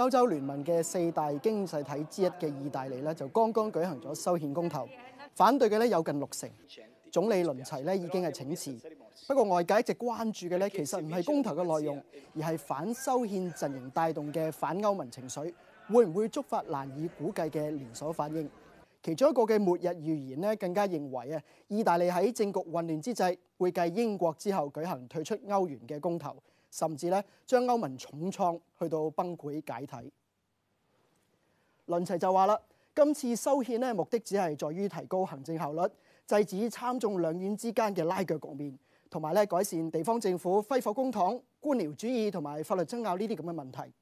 歐洲聯盟嘅四大經濟體之一嘅意大利呢，就剛剛舉行咗修憲公投，反對嘅呢，有近六成，總理倫齊呢已經係請辭。不過外界一直關注嘅呢，其實唔係公投嘅內容，而係反修憲陣營帶動嘅反歐盟情緒，會唔會觸發難以估計嘅連鎖反應？其中一個嘅末日預言呢，更加認為啊，意大利喺政局混亂之際，會繼英國之後舉行退出歐元嘅公投。甚至咧，將歐盟重創去到崩潰解體。倫齊就話啦，今次修憲咧，目的只係在於提高行政效率，制止參眾兩院之間嘅拉鋸局面，同埋咧，改善地方政府揮霍公帑、官僚主義同埋法律爭拗呢啲咁嘅問題。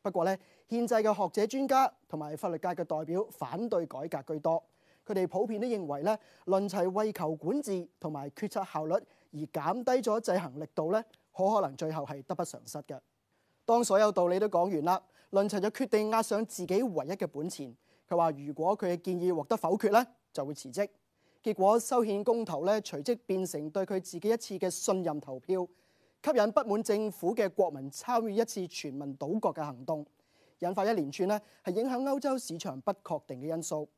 不過呢，憲制嘅學者專家同埋法律界嘅代表反對改革居多。佢哋普遍都認為咧，倫齊為求管治同埋決策效率而減低咗制衡力度咧。好可能最後係得不償失嘅。當所有道理都講完啦，倫齊就決定押上自己唯一嘅本錢。佢話：如果佢嘅建議獲得否決咧，就會辭職。結果修憲公投咧，隨即變成對佢自己一次嘅信任投票，吸引不滿政府嘅國民參與一次全民倒閣嘅行動，引發一連串呢係影響歐洲市場不確定嘅因素。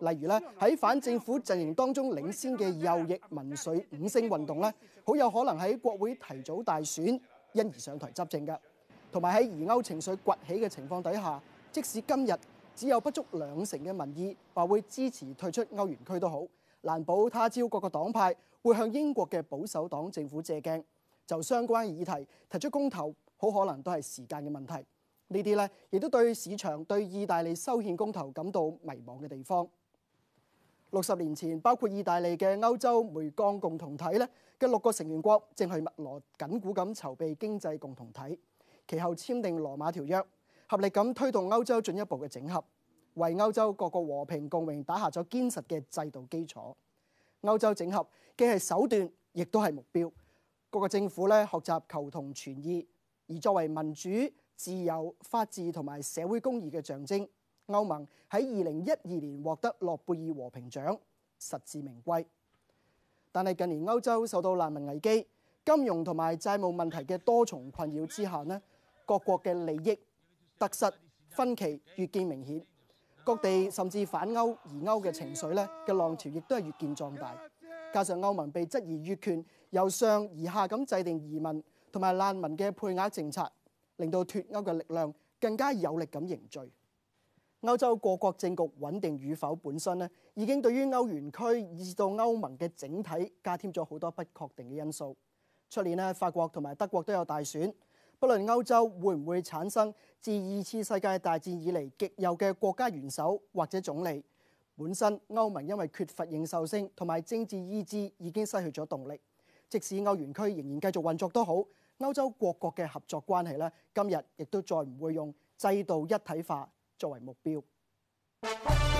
例如咧，喺反政府陣營當中領先嘅右翼民粹五星運動咧，好有可能喺國會提早大選因而上台執政嘅。同埋喺疑歐情緒崛起嘅情況底下，即使今日只有不足兩成嘅民意話會支持退出歐元區都好，難保他朝各個黨派會向英國嘅保守黨政府借鏡，就相關議題提出公投，好可能都係時間嘅問題。這些呢啲咧亦都對市場對意大利修憲公投感到迷茫嘅地方。六十年前，包括意大利嘅歐洲煤鋼共同體咧嘅六個成員國正係密鑼緊鼓咁籌備經濟共同體，其後簽訂羅馬條約，合力咁推動歐洲進一步嘅整合，為歐洲各個和平共榮打下咗堅實嘅制度基礎。歐洲整合既係手段，亦都係目標，各個政府咧學習求同存異，而作為民主、自由、法治同埋社會公義嘅象徵。歐盟喺二零一二年獲得諾貝爾和平獎，實至名歸。但係近年歐洲受到難民危機、金融同埋債務問題嘅多重困擾之下呢，各國嘅利益、得失分歧越見明顯，各地甚至反歐移歐嘅情緒呢嘅浪潮亦都係越見壯大。加上歐盟被質疑越權由上而下咁制定移民同埋難民嘅配額政策，令到脫歐嘅力量更加有力咁凝聚。歐洲各國政局穩定與否本身咧，已經對於歐元區以至到歐盟嘅整體加添咗好多不確定嘅因素。出年咧，法國同埋德國都有大選，不論歐洲會唔會產生自二次世界大戰以嚟極右嘅國家元首或者總理，本身歐盟因為缺乏認受性同埋政治意志已經失去咗動力。即使歐元區仍然繼續運作都好，歐洲各國嘅合作關係咧，今日亦都再唔會用制度一體化，作為目標。